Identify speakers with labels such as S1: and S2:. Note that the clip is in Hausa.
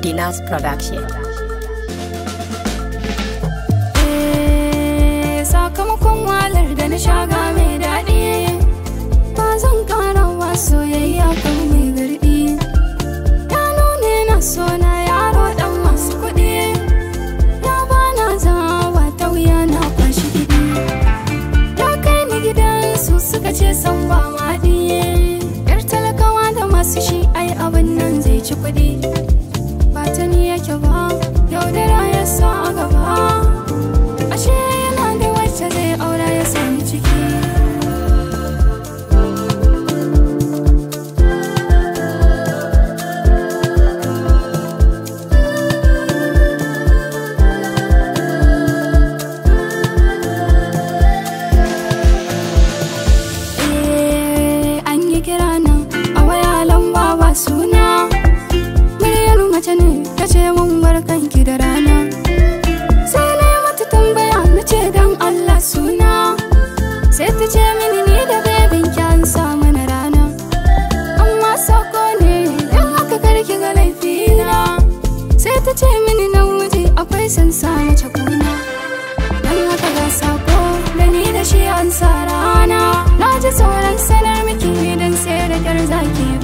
S1: Dinas Production.
S2: Sakamakon walar da na sha game suka ce san ba ma ce mini namiji akwai san sa mace kuna don haka ga sako da ni da shi an sa rana na ji tsoron sanar miki don sai da kyar zaki